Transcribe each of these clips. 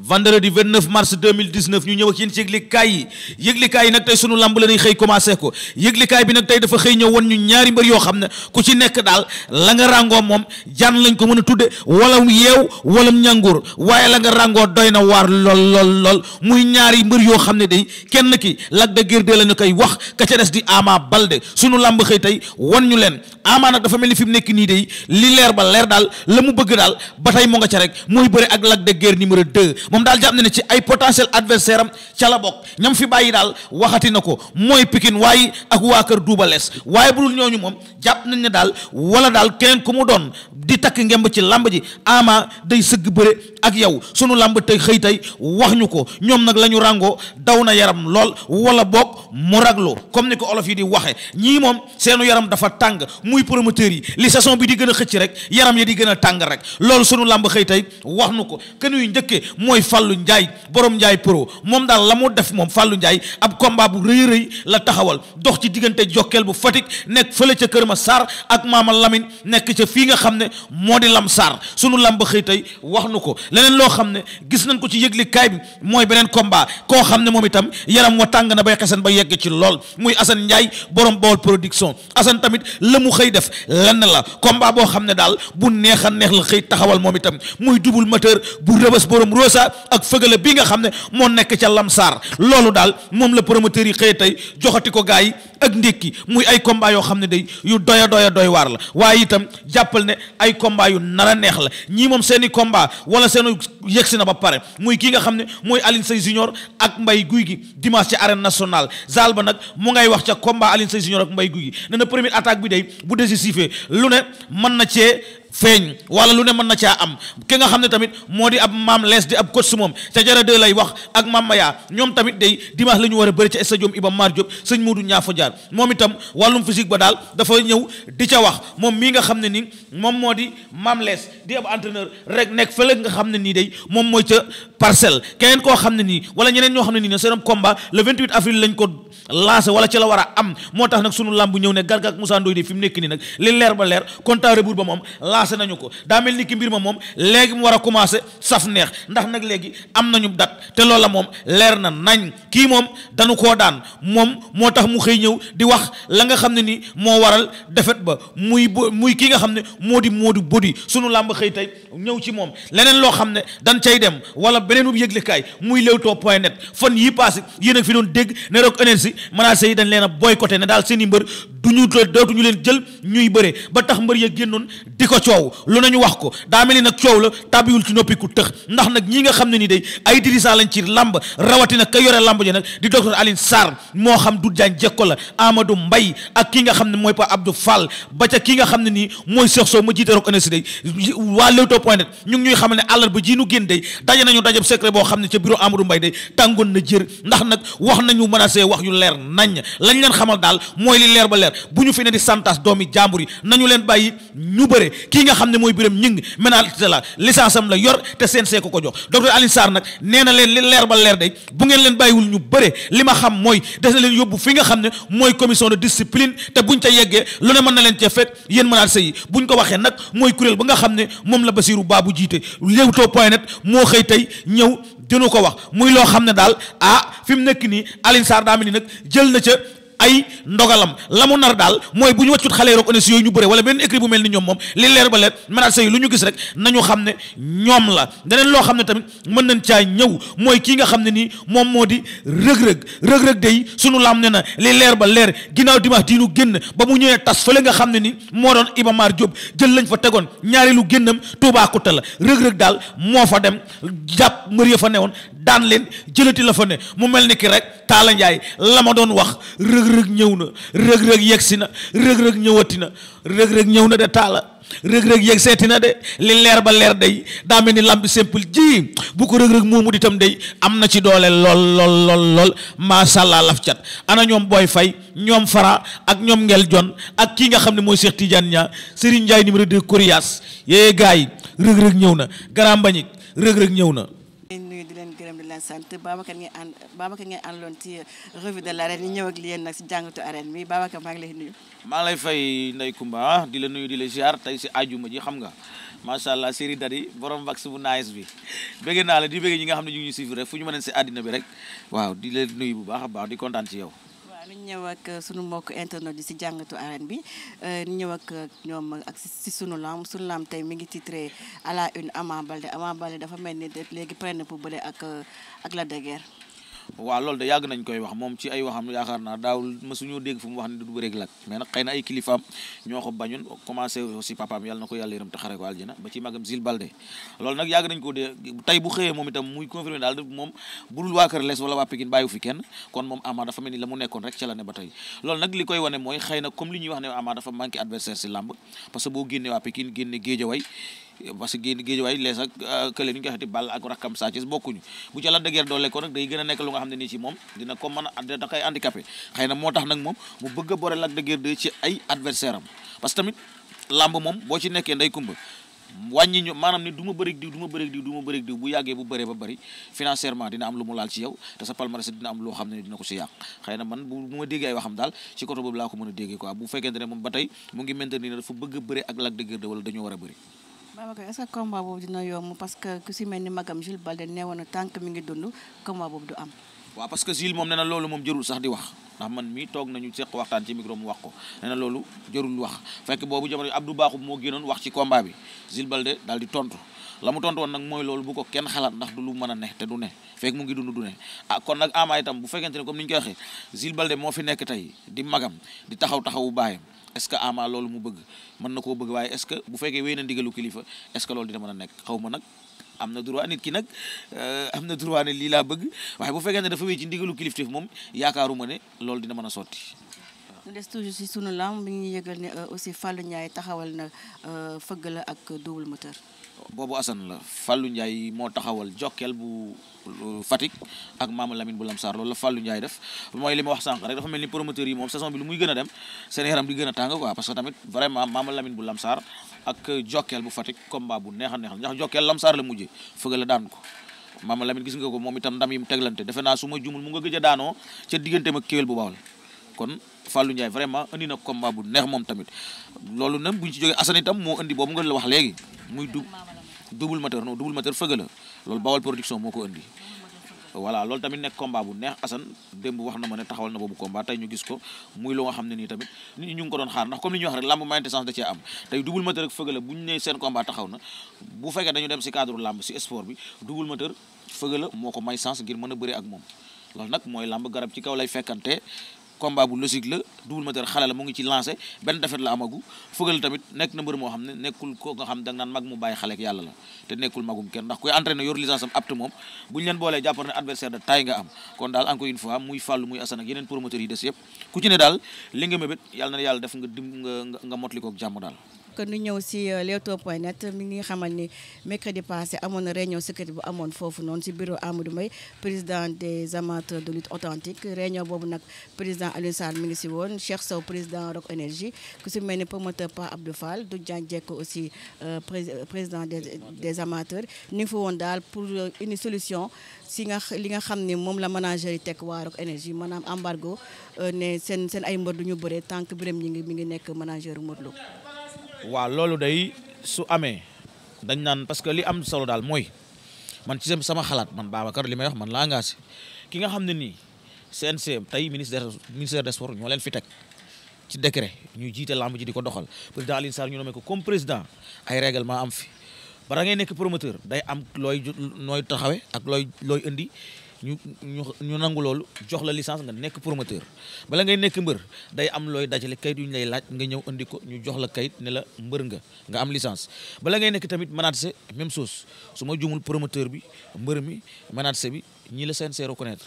vendredi 29 mars 2019 ñu ñëw ak yéen ci yëglikaay yi yëglikaay yi nag tey sunu lamb la xëy commencé ko yëglikaay bi nag tey dafa xëy ñëw woon ñu ñaari mbër yoo xam ne ku ci nekk daal la nga moom jaan lañ ko mën a tudde wala yeew wala ñàngur waaye la nga ràngoo doy na waar lool lool lool muy ñaari mbër yoo xam ne day kenn ki Lac de Guiers la ñu koy wax ka ca des di Ama Baldé sunu lamb xëy tey wan ñu leen Ama nag dafa mel ni fi mu nekk nii day li leer ba leer daal la mu bëgg daal ba tey mu nga ca rek mooy bëre ak Lac de Guiers numéro 2 moom daal jàpp na ne ci ay potentiel adversaire am ca la bokk ñam fi bàyyi daal waxati na ko mooy pikin waaye ak waa kër Double Less waaye bu dul ñooñu moom jàpp nañ ne daal wala daal keneen ku mu doon di takk ngemb ci làmb ji ama day sëgg bëre ak yow sunu làmb tey xëy tey wax ñu ko ñoom nag la ñu ràngoo daw na yaram lool wala boog mu raglu comme ni ko olof yi di waxe ñii moom seenu yaram dafa tàng muy promoteur yi li sason bi di gën a xëcc rek yaram yi di gën a tàng rek lool sunu làmb xëy tey wax nu ko yu njëkkee mooy Fallou njaay borom njaay pro moom daal la mu def moom fàllu njaay ab komba bu rëy rëy la taxawal dox ci diggante Jokkel bu Fatick nekk fële ca Kër moo di lamsaar sunu lamb xëy tey wax nu ko leneen loo xam ne gis nañ ko ci yëglikaay bi mooy beneen combat koo xam ne moom itam yaram wa tàng na bay xesen ba yegg ci lool muy Assane Ndiaye borom Baol production Assane tamit la mu xëy def lenn la combat boo xam ne daal bu neex a neex la xëy taxawal moom itam muy double moteur bu rëbës borom Rosa ak fëgala bi nga xam ne moo nekk ca lamsaar loolu daal moom la promoteur yi xëy tey joxati ko gars yi ak ndékki muy ay combat yoo xam ne day yu doy a doy waar la waaye itam jàppal ne ay combat yu nar neex la ñii moom seen i combat wala seenu yegsi na ba pare muy kii nga xam ne mooy alin Seye Junior ak mbay Guy gi dimanche ci arène nationale zal ba nag mu ngay wax ca combat alin Seye Junior ak mbay Guy gi ne na première attaque bi day bu décisif lu ne mën na cee feeñ wala lu ne mën na caa am ki nga xam ne tamit moo di ab maam lees di ab coach su moom te jara de lay wax ak maam yaa ñoom tamit day dimanche la ñu war a bëri ca stadium Iba Mar Diop sëñ Modou Ñaafo Jaar moom itam wàllum physique ba daal dafa ñëw di ca wax moom mii nga xam ne nii moom moo di maam lees di ab entraîneur rek nekk fële nga xam ne nii day moom mooy ca parcelle keneen koo xam ne nii wala ñeneen ñoo xam ne nii ne seenam combat le 28 avril lañ ko lancé wala ci la war a am moo tax nag sunu làmb ñëw ne Garga ak Moussa Ndoye de fi mu nekk nii nag li leer ba leer compta rebours ba moom lancé nañu ko daa mel ni ki mbir ma moom léegi mu war a commencé saf neex ndax nag léegi am nañu date te loola moom leer na nañ kii moom dañu koo daan moom moo tax mu xëy ñëw di wax la nga xam ne nii moo waral defet ba muy muy kii nga xam ne moo di moo di bodi sunu làmb xëy tey ñëw ci moom leneen loo xam ne dañ cay dem wala beneenub yëglekaay muy Leewtoo point net fan yi passé yéen a fi doon dégg ne Rock Énergie manager yi dañ leen a boycotté ne daal seeni mbër du ñu dootuñu leen jël ñuy bëre ba tax mbër ya génnoon di ko coow lu nañu wax ko daa mel ni nag coow la tàbbiwul ci noppi ku tëx ndax nag ñi nga xam ne nii day ay dirigeant lañ ci làmb rawatina ka yore làmb ji nag di docteur Alioune Sarr moo xam du jaan jekko la Amadou Mbaye ak kii nga xam ne mooy Pa Abdou Fall ba ca ki nga xam ne nii mooy Cheikh Sow ma jiite rok anasi day waa Leewtoo point ñu ngi ñuy xamal ne àllarba ji nu génn day daje nañu dajab secret boo xam ne ca bureau Amadou Mbaye day tàngoon na jër ndax nag wax nañu menacé wax yu leer nañ lañ leen xamal daal mooy leer ba leer bu ñu fi ne di santas doomi jàmbur yi nañu leen bàyyi ñu bëre kii nga xam ne mooy biram ñing ménalité la licence la yor te CNG ko ko jox docteur Alioune nag nee na leen li leer ba leer day bu ngeen leen bàyyiwul ñu bëre li ma xam mooy des na leen yóbbu fi nga xam ne mooy commission de discipline te buñ ca yeggee lu ne mën na leen ca fekk yéen menaces yi buñ ko waxee nag mooy kuréel ba nga xam ne moom la Basiru Baabu jiite Leewtoo point net moo xëy tey ko wax muy loo xam ne daal ah fi mu nekk nii Alioune Sarr daa mel ni nag jël na ay ndogalam la mu nar daal mooy bu ñu wàccut xale roog ONES ñu bëre wala benn écrit bu mel ni ñoom moom li leer ba leer ménages yi lu ñu gis rek nañu xam ne ñoom la deneen loo xam ne tamit mën nañ caa ñëw mooy kii nga xam ne nii moom moo di rëg-rëg rëg-rëg sunu lam ne na li leer ba leer ginnaaw dimanche di nu génn ba mu ñëwee tas fële nga xam ne nii moo doon Iba Mar jël lañ fa tegoon ñaareelu lu génnam Toubacouta la rëg-rëg daal moo fa dem jàpp mbër ya fa newoon daan leen jëlati la fa ne mu mel ni ki rek Talla Ndiaye la ma doon wax rëg-rëg ñëw na rëg-rëg yegsi na rëg-rëg ñëwati na rëg ñëw na de taala rëg-rëg yegg seeti na de li leer ba leer day daa mel ni lambi simple ji bu ko rëg-rëg moomu ditam day am na ci doole lool lool lool lool macha allah laf cat ana ñoom booy fay ñoom fara ak ñoom ngel jon ak kii nga xam ne mooy seex Tidiane ña Serigne Ndiaye numéro 2 Coriace yee gars yi rëg-rëg ñëw na garambañik rëg-rëg ñëw na la sant Babacar ngay ànd Babacar ngay àndaloon ci euh, revue de l'arène yi ñëw ak yéen nag si jàngatu arène bi Babacar maa ngi lay nuyu. maa lay fay Ndeye Kumba ah, di la nuyu di la ziar tey si ajuma ji xam nga macha allah série dari borom vax bu nice bi bëgg naa la di bëgg ñi nga xam ne ñu ngi ñu rek fu ñu mën a si àddina bi rek waaw di la nuyu bu baax a baax di kontaan ci ñu ñëw ak euh, sunu mbokk internet yi si jàngatu arène bi euh, ñu ñëw ak euh, ñoom ak si suñu lam sunu lam tey mi ngi titré à la une Ama Baldé Ama Baldé dafa mel ni léegi prenne pour bële ak ak la de waaw loolu de yàgg nañ koy wax moom ci ay waxam yaakaar naa daaw mësuñu dégg fu mu wax ne du du bëreeg Lac mais nag na ay kilifaam ñoo ko bañun commencé aussi papaam yàlla na ko yàlla yërëm te xare ko aljana ba ci magam waa Kër Les wala fi kenn kon moom Ama dafa mel ni la mu nekkoon rek ca ba tey loolu nag li koy wane mooy xëy na comme li ñuy wax ne Ama dafa manqué adversaire si làmb parce boo génne waa Pikine génne Géejawaay parce que géejawaay lees ak euh, kële ñu koy day gën a nekk lu nga xam ne ci moom dina ko mën a da boo ci nekkee nday kumba wàññi ñu maanaam ni du ko si yàq xëy na man bu ma déggee waxam daal ci côté boobu laa ko mën a déggee quoi bu fekkente ne moom ba tey mu ngi maintenir ne dafa bëgg a bëri ak Lac de Guiers 2 wala war a bëri Babacar est-ce que combat boobu dina yomb parce que ku si mel ni magam Jules Balde neewoon a tànk mi ngi dund combat boobu du am. waaw parce que Jules moom nee loolu moom jërul sax di wax ndax man mii toog nañu seq waxtaan ci micro mu wax ko nee na loolu jërul wax fekk boobu jamono Abdou Bakhoum moo génnoon wax ci combat bi Jules Balde daal di tontu. la mu tontu woon nag mooy loolu bu ko kenn xalaat ndax du lu mën a ne te du ne fekk mu ngi dund du ne ah kon nag ama itam bu fekkente ne comme ni ñu koy waxee Zil nekk tey di magam di taxaw taxawu baayam est-ce que ama loolu mu bëgg mën na koo bëgg waaye est-ce que bu fekkee wéy na ndigalu kilifa est-ce que loolu dina mën a ma nag am na droit nit ki nag euh, am na droit ne lii laa bëgg waaye bu fekkee ne dafa wéy ci ndigalu kilifteef moom yaakaaruma ne loolu dina mën a sotti ñu des toujours si sunu lam bi ñuy yëgal ne euh, aussi Fallou Ndiaye taxawal na euh, fëggala ak double moteur boobu Assane la Fallou Ndiaye moo taxawal Jokkel bu Fatick ak Maama Lamine bu Lamsar loolu la Fallou Ndiaye def mooy li a wax sànq rek dafa mel ni promoteur yi moom saison bi lu muy gën a dem seen yaram di gën a tàng quoi parce que tamit vraiment Maama Lamine bu Lamsar ak Jokkel bu Fatick bu neex a neex ndax Jokkel Lamsar la mujjee fëgg la daan ko Maama Lamine gis nga ko moom itam ndam yi mu teglante defe naa su jumul mu nga gëj a daanoo ca digganteem ak kéwél bu Bawol kon Fallou Ndiaye vraiment indi na combat bu neex moom tamit loolu nag bu ñu ci jógee Assane itam moo indi boobu nga la wax léegi muy du double moteur non double moteur fëgg la loolu Bawol production moo ko indi voilà loolu tamit nekk combat bu neex Assane démb wax na ma ne taxawal na boobu combat tey ñu gis ko muy lu nga xam ne nii tamit nit ñu ngi ko doon xaar ndax comme li ñuy wax rek làmb mayante chance da cee am tey double moteur ak la bu ñu nee seen combat taxaw na bu fekkee dañu dem si cadre làmb si sport bi double moteur fëgg la moo ko may chance ngir mën a bëre ak moom loolu nag mooy garab ci kaw lay fekkante combat bu logique la Double Moteur xale la mu ngi ci lancé benn defet la amagu fëgal tamit nekk na mbër moo xam ne nekkul ko nga xam da nga naan mag mu bàyyi xale yàlla la te nekkul magum kenn ndax kuy entraîné yor licence am apte moom bu ñu leen boolee jàppar ne adversaire de taille nga am kon daal encore une fois muy fàllu muy asan yeneen promoteurs yi des yëpp ku ci ne daal li nga mébét yàlla na yàlla def nga dim nga motli kook jàmm daal que nu ñëw si euh, Leewtoo point net mi ngi xamal ni mercredi passé amoon na réunion secrète bu amoon foofu noonu si bureau Amadou Mbaye président des amateurs de lutte authentique réunion boobu nag président Alioune Sarr mi ngi si woon Cheikh Sow président Rock Énergie ku si mel ni promoteur Pa Abdou Fall du Dieng Jekko aussi euh, euh, président des amateurs ni ngi woon daal pour une solution si nga li nga xam ni moom la manager yi tekk waa Rock Énergie maanaam embargo ne seen ay mbër ñu bëre tant que Birame ngi mi ngi nekk manager Modou Lo waaw loolu day su amee dañ naan parce que li am solo daal mooy man ci sama xalaat man Babacar li may wax man laa ngaa ki nga xam ne nii CNC tey ministère ministère de sports ñoo leen fi teg ci décret ñu jiite lamb ji di ko doxal daal Alioune Sarr ñu nommé ko comme président ay règlement am fi bara ngee nekk promoteur day am looy nooy taxawee ak looy looy indi ñu ñu ñu nangu loolu jox la licence nga nekk promoteur bala ngay nekk mbër day am looy dajale kayit yu ñu lay laaj nga ñëw indi ko ñu jox la kayit ne la mbër nga nga am licence bala ngay nekk tamit manager même chose su ma jumul promoteur bi mbër mi manager bi ñii la CNG reconnaître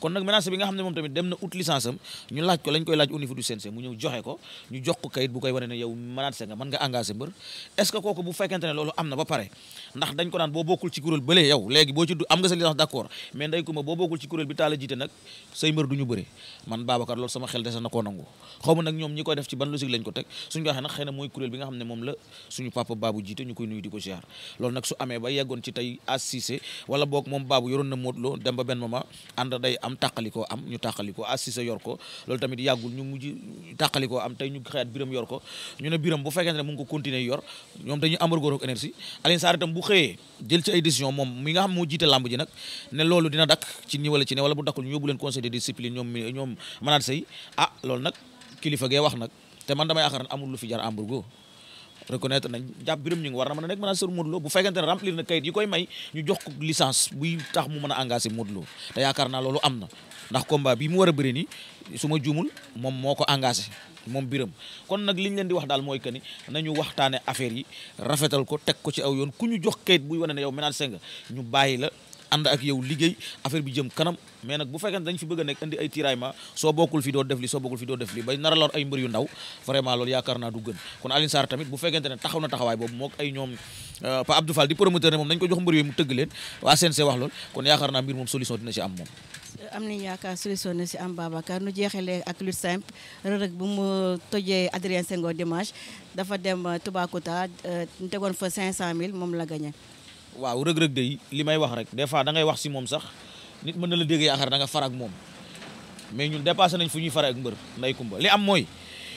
kon nag menace bi nga xam ne moom tamit dem na ut licence am ñu laaj ko lañ koy laaj au niveau du CNG mu ñëw joxe ko ñu jox ko kayit bu koy wane ne yow menace nga mën nga engagé mbër est-ce que kooku bu fekkente ne loolu am na ba pare ndax dañ ko naan boo bokkul ci kuréel bële yow léegi jiite nag say mbër du ñu bëre man Babacar loolu sama xel dese na koo nangu xaw ma nag ñoom ñi koy def ci ban logique lañ ko teg suñu ko waxee nag mooy kuréel am tàqalikoo am ñu tàqalikoo assise yor ko loolu tamit yàggul ñu mujj tàqalikoo am tey ñu xëyaat biram yor ko ñu ne biram bu fekkee ne mu ngi ko continuer yor ñoom dañuy ambargo ak énergie Alioune Sarr itam bu xëyee jël ci ay décision moom mi nga xam moo jiite làmb ji nag ne loolu dina dakk ci nii wala ci ne wala bu dakkul ñu yóbbu leen conseil de discipline ñoom ñoom mënaat say ah loolu nag kilifa gee wax nag te man dama yaakaar ne amul lu fi jar ambargo reconnaître nañ jàpp biram ñu ngi war na mën a nekk manager Modou Lo bu fekkente ne remplir na kayit yi koy may ñu jox ko licence buy tax mu mën a engagé Modou Lo te yaakaar naa loolu am na ndax combat bi mu war a bëri ni su ma moom moo ko engagé moom biram kon nag liñ leen di wax daal mooy que ni nañu waxtaane affaire yi rafetal ko teg ko ci aw yoon ku ñu jox kayit buy wane na yow manager nga ñu bàyyi la ànd ak yow liggéey affaire bi jëm kanam mais nag bu fekkee dañ fi bëgg a nekk indi ay tiraillement soo bokkul fi doo def li soo bokkul fi doo def li bay nar a lor ay mbër yu ndaw vraiment loolu yaakaar naa du gën kon Alioune tamit bu fekkente ne taxaw na taxawaay boobu euh, moom mu tëgg leen waa CNC wax lool kon yaakaar naa mbir moom solution dina si am moom am nañu yaakaar solution na si am Babacar nu jeexalee ak lutte simple rërëg bu mu tojee Adrien Senghor dimanche dafa dem euh, Toubacouta euh, tegoon fa 500000 moom la gagné waaw rëg-rëg day li may wax rek des fois da ngay wax si moom sax nit mën na la dégg yaakaar da nga far moom mais ñun dépassé nañ fu ñuy fare mbër nday kumba li am mooy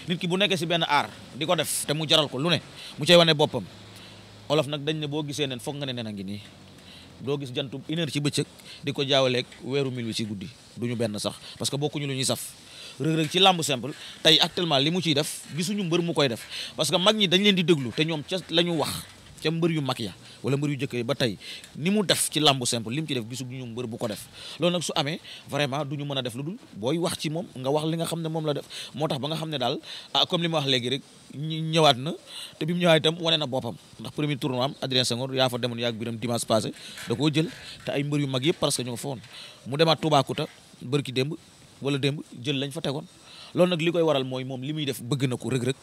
nit ki bu nekkee si benn aar di ko def te mu jaral ko lu ne mu cay wane boppam olof nag dañ ne boo gisee nen foog nga ne nen a ngi nii doo gis jantu une heure ci bëccëg di ko jaawaleeg weeru mil wi ci guddi du ñu benn sax parce que bokkuñu lu ñuy saf rëg-rëg ci làmb simple tey actuellement li mu ciy def gisuñu mbër mu koy def parce que mag ñi dañ leen di déglu te ñoom ca la ñu wax ca mbër yu mag ya wala mbër yu jëkk yi ba tey ni mu def ci làmbu simple li mu ci def gisu ñu mbër bu ko def loolu nag su amee vraiment du ñu mën a def lu dul booy wax ci moom nga wax li nga xam ne moom la def moo tax ba nga xam ne daal ah comme li ma wax léegi rek ñëwaat na te bi mu ñëwaat itam wane na boppam ndax premier tournoi am Adrien Senghor yaa fa demoon yaag biram dimanche passé da koo jël te ay mbër yu mag yëpp parce que ñoo foon fa woon mu demaat Toubacouta démb wala démb jël lañ fa tegoon loolu nag li koy waral mooy moom li muy def bëgg na ko rëg-rëg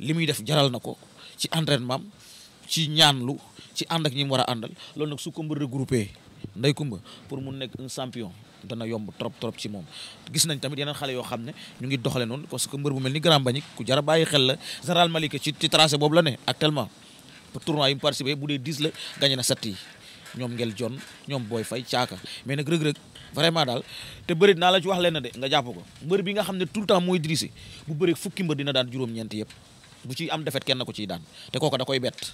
li muy def jaral na ko ci entraînement ci ñaanlu ci ànd ak ñi mu war a àndal lool nag su ko mën regroupé nday kumba pour mu nekk un champion dana yomb trop trop ci moom gis nañ tamit yeneen xale yoo xam ne ñu ngi doxale noonu parce que mbër bu mel ni Grand Mbagnick ku jar a bàyyi xel la général Malick ci ci tracé boobu la ne actuellement tournoi yi mu bu dee 10 la na sept yi ñoom ngel ñoom booy fay caaka mais nag rëg-rëg vraiment daal te bëri naa la ci wax leen de jàpp ko mbër bi nga xam ne tout le temps mooy dirisi bu bëri fukki mbër dina daan juróom-ñeent yëpp bu ci am defet kenn ko ciy daan te kooku da koy bett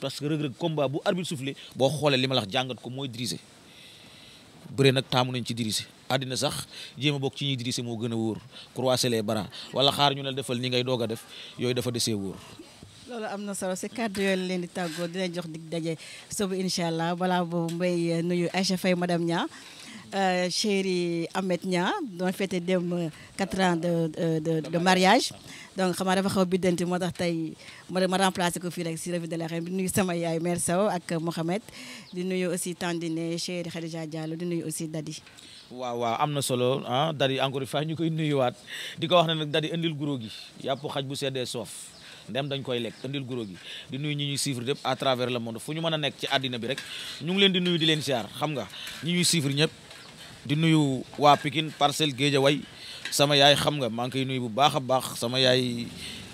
parce que rëg-rëg combat bu arbitre soufflé boo xoolee li ma wax jàngat ko mooy dirisé bëre nag taamu nañ ci dirisé àddina sax jéem a bokk ci ñuy dirisé moo gën a wóor croiser les bras wala xaar ñu ne defal ni ngay doog a def yooyu dafa desee wóor loolu am na solo si kàddu yooyu leen di tàggoo di jox dig daje suba incha allah balaa boobu mbay nuyu Aïcha Faye madame Nia euh, chéri Ahmed Nia doon fête dem 4 ans de euh, de de mariage donc xam naa dafa xaw a biddanti moo tax tey ma ma ko fii rek si revue de l'arène bi nuyu sama yaay mère Sow ak Mohamed di nuyu aussi Tandine Cheikh Khadija Diallo di nuyu aussi Dadi. waaw waaw am na solo ah Dadi encore ñu koy nuyuwaat di ko wax ne nag Dadi indil guro gi yàpp xaj bu seddee soof. ndem dañ koy lekk andil guro gi di nuyu ñi ñuy suivre lépp à travers le monde fu ñu mën a nekk ci àddina bi rek ñu ngi leen di nuyu di leen siyaar xam nga ñi ñuy suivre ñëpp di nuyu waa Pikine Parcelles Guédiawaye sama yaay xam nga maa ngi koy nuyu bu baax a baax sama yaay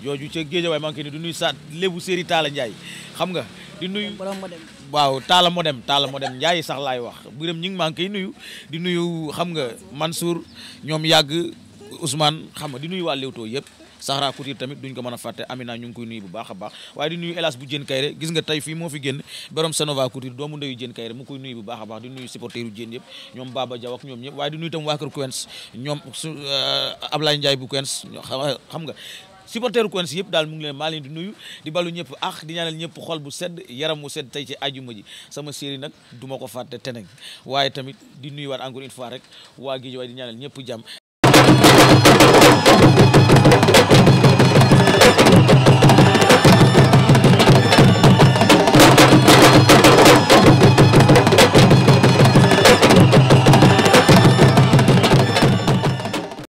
jooju ca géejawaay maa ngi koy nuyu di nuyu sa lébu séri Talla Ndiaye xam nga di nuyu waaw Talla Modem Talla Modem Ndiaye sax laay wax Birame ñi ngi maa ngi koy nuyu di nuyu xam nga Mansour ñoom yàgg Ousmane xam nga di nuyu waa Leewtoo yëpp Sahara Couture tamit duñ ko mën a fàtte Amina ñu ngi koy nuyu bu baax a baax waaye di nuyu Elas bu Jën Kayre gis nga tey fii moo fi génn borom Sanova Couture doomu ndeyu Jën Kayre mu koy a baax di yëpp ñoom mu ngi leen maa di nuyu di balu ñëpp ah di ñaanal ñëpp xol bu sedd yaram mu sedd tey ci ajuma ji sama série nag du ma ko fàtte teneng waaye tamit di nuyu waat encore une fois rek waa Guédiawaye di ñaanal ñëpp jàmm